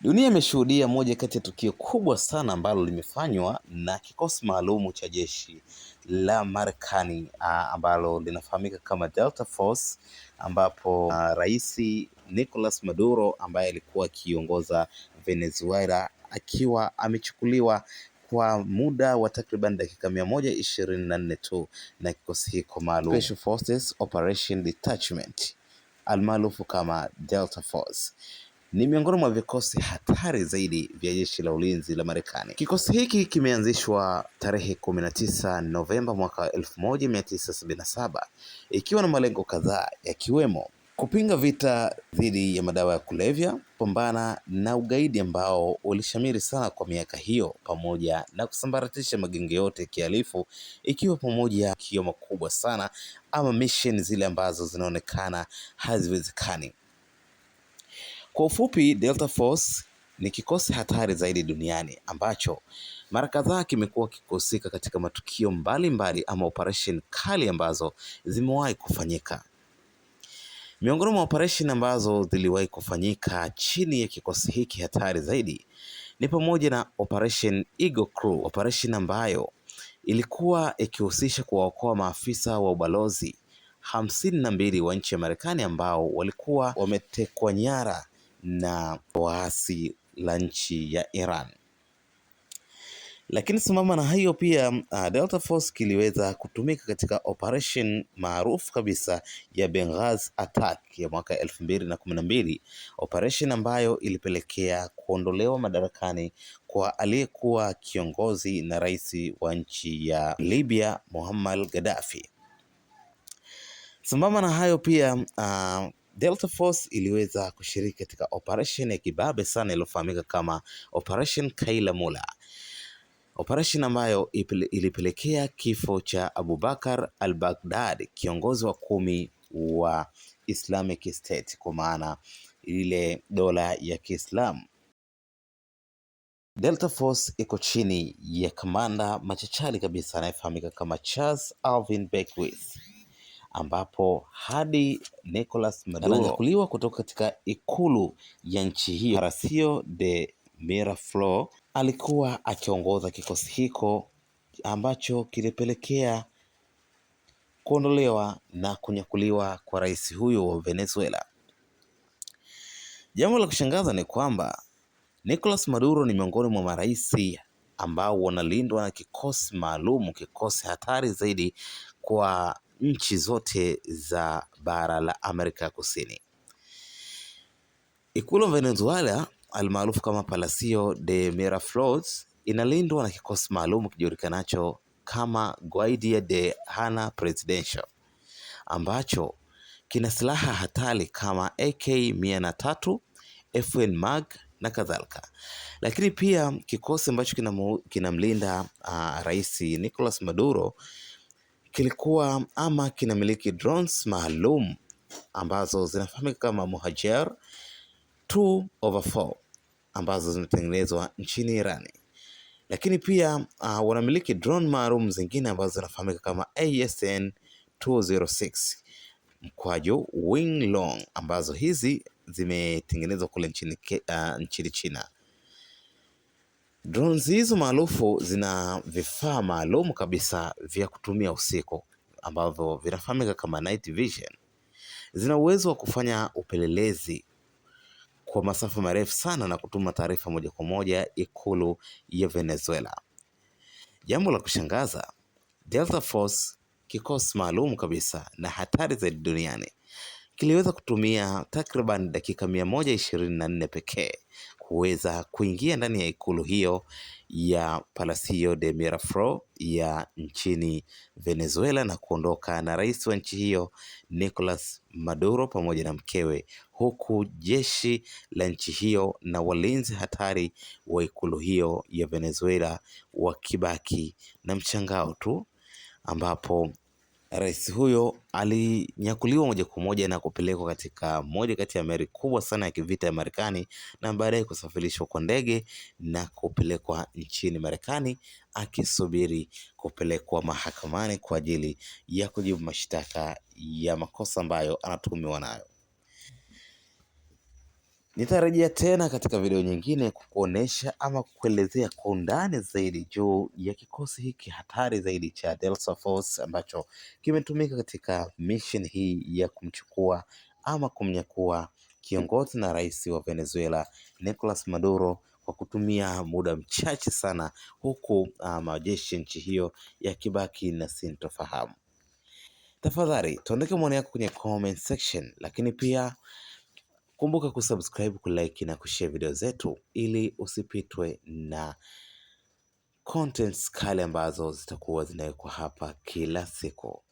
Dunia imeshuhudia moja kati ya tukio kubwa sana ambalo limefanywa na kikosi maalum cha jeshi la Marekani ambalo linafahamika kama Delta Force, ambapo Rais Nicolas Maduro ambaye alikuwa akiongoza Venezuela akiwa amechukuliwa kwa muda wa takriban dakika mia moja ishirini na nne tu na kikosi hiko maalum Special Forces Operation Detachment almaarufu kama Delta Force ni miongoni mwa vikosi hatari zaidi vya jeshi la ulinzi la Marekani. Kikosi hiki kimeanzishwa tarehe 19 Novemba mwaka 1977 ikiwa na malengo kadhaa yakiwemo kupinga vita dhidi ya madawa ya kulevya, pambana na ugaidi ambao ulishamiri sana kwa miaka hiyo, pamoja na kusambaratisha magenge yote kihalifu, ikiwa pamoja kio makubwa sana ama mission zile ambazo zinaonekana haziwezekani. Kwa ufupi, Delta Force ni kikosi hatari zaidi duniani ambacho mara kadhaa kimekuwa kikihusika katika matukio mbalimbali mbali ama operesheni kali ambazo zimewahi kufanyika. Miongoni mwa operesheni ambazo ziliwahi kufanyika chini ya kikosi hiki hatari zaidi ni pamoja na Operation Eagle Crew, operesheni ambayo ilikuwa ikihusisha kuwaokoa maafisa wa ubalozi hamsini na mbili wa nchi ya Marekani ambao walikuwa wametekwa nyara na waasi la nchi ya Iran. Lakini sambamba na hiyo pia uh, Delta Force kiliweza kutumika katika operation maarufu kabisa ya Benghazi attack ya mwaka elfu mbili na kumi na mbili, operation ambayo ilipelekea kuondolewa madarakani kwa aliyekuwa kiongozi na rais wa nchi ya Libya Muammar Gaddafi. Sambamba na hayo pia uh, Delta Force iliweza kushiriki katika operation ya kibabe sana iliyofahamika kama Operation Kaila Mulla, operation ambayo ilipelekea kifo cha Abubakar al-Baghdadi, kiongozi wa kumi wa Islamic State, kwa maana ile dola ya Kiislamu. Delta Force iko chini ya kamanda machachari kabisa anayefahamika kama Charles Alvin Beckwith ambapo hadi Nicolas Maduro ananyakuliwa kutoka katika ikulu ya nchi hiyo. Horacio de Miraflores alikuwa akiongoza kikosi hiko ambacho kilipelekea kuondolewa na kunyakuliwa kwa rais huyo wa Venezuela. Jambo la kushangaza ni kwamba Nicolas Maduro ni miongoni mwa marais ambao wanalindwa na kikosi maalum, kikosi hatari zaidi kwa nchi zote za bara la Amerika ya Kusini. Ikulu Venezuela almaarufu kama Palacio de Miraflores inalindwa na kikosi maalum kijulikanacho kama Guardia de Hana Presidential ambacho kina silaha hatari kama AK 103, FN Mag na kadhalika, lakini pia kikosi ambacho kinamlinda kina uh, Rais Nicolas Maduro kilikuwa ama kinamiliki drones maalum ambazo zinafahamika kama Mohajer 2/4 ambazo zimetengenezwa nchini Irani, lakini pia uh, wanamiliki drone maalum zingine ambazo zinafahamika kama ASN 206 mkwaju Winglong ambazo hizi zimetengenezwa kule nchini, uh, nchini China. Drones hizo maarufu zina vifaa maalum kabisa vya kutumia usiku ambavyo vinafahamika kama night vision. Zina uwezo wa kufanya upelelezi kwa masafa marefu sana na kutuma taarifa moja kwa moja ikulu ya Venezuela. Jambo la kushangaza, Delta Force, kikosi maalum kabisa na hatari zaidi duniani, kiliweza kutumia takriban dakika 124 pekee kuweza kuingia ndani ya ikulu hiyo ya Palacio de Miraflores ya nchini Venezuela na kuondoka na rais wa nchi hiyo Nicolas Maduro pamoja na mkewe, huku jeshi la nchi hiyo na walinzi hatari wa ikulu hiyo ya Venezuela wakibaki na mshangao tu ambapo Rais huyo alinyakuliwa moja kwa moja na kupelekwa katika moja kati ya meli kubwa sana ya kivita ya Marekani na baadaye kusafirishwa kwa ndege na kupelekwa nchini Marekani akisubiri kupelekwa mahakamani kwa ajili ya kujibu mashtaka ya makosa ambayo anatuhumiwa nayo. Nitarejea tena katika video nyingine kukuonesha ama kukuelezea kwa undani zaidi juu ya kikosi hiki hatari zaidi cha Delta Force ambacho kimetumika katika mission hii ya kumchukua ama kumnyakua kiongozi na rais wa Venezuela Nicolas Maduro kwa kutumia muda mchache sana, huku ah, majeshi nchi hiyo yakibaki na sintofahamu. Tafadhali tuandike maoni yako kwenye comment section, lakini pia Kumbuka kusubscribe, kulike na kushare video zetu ili usipitwe na contents kali ambazo zitakuwa zinawekwa hapa kila siku.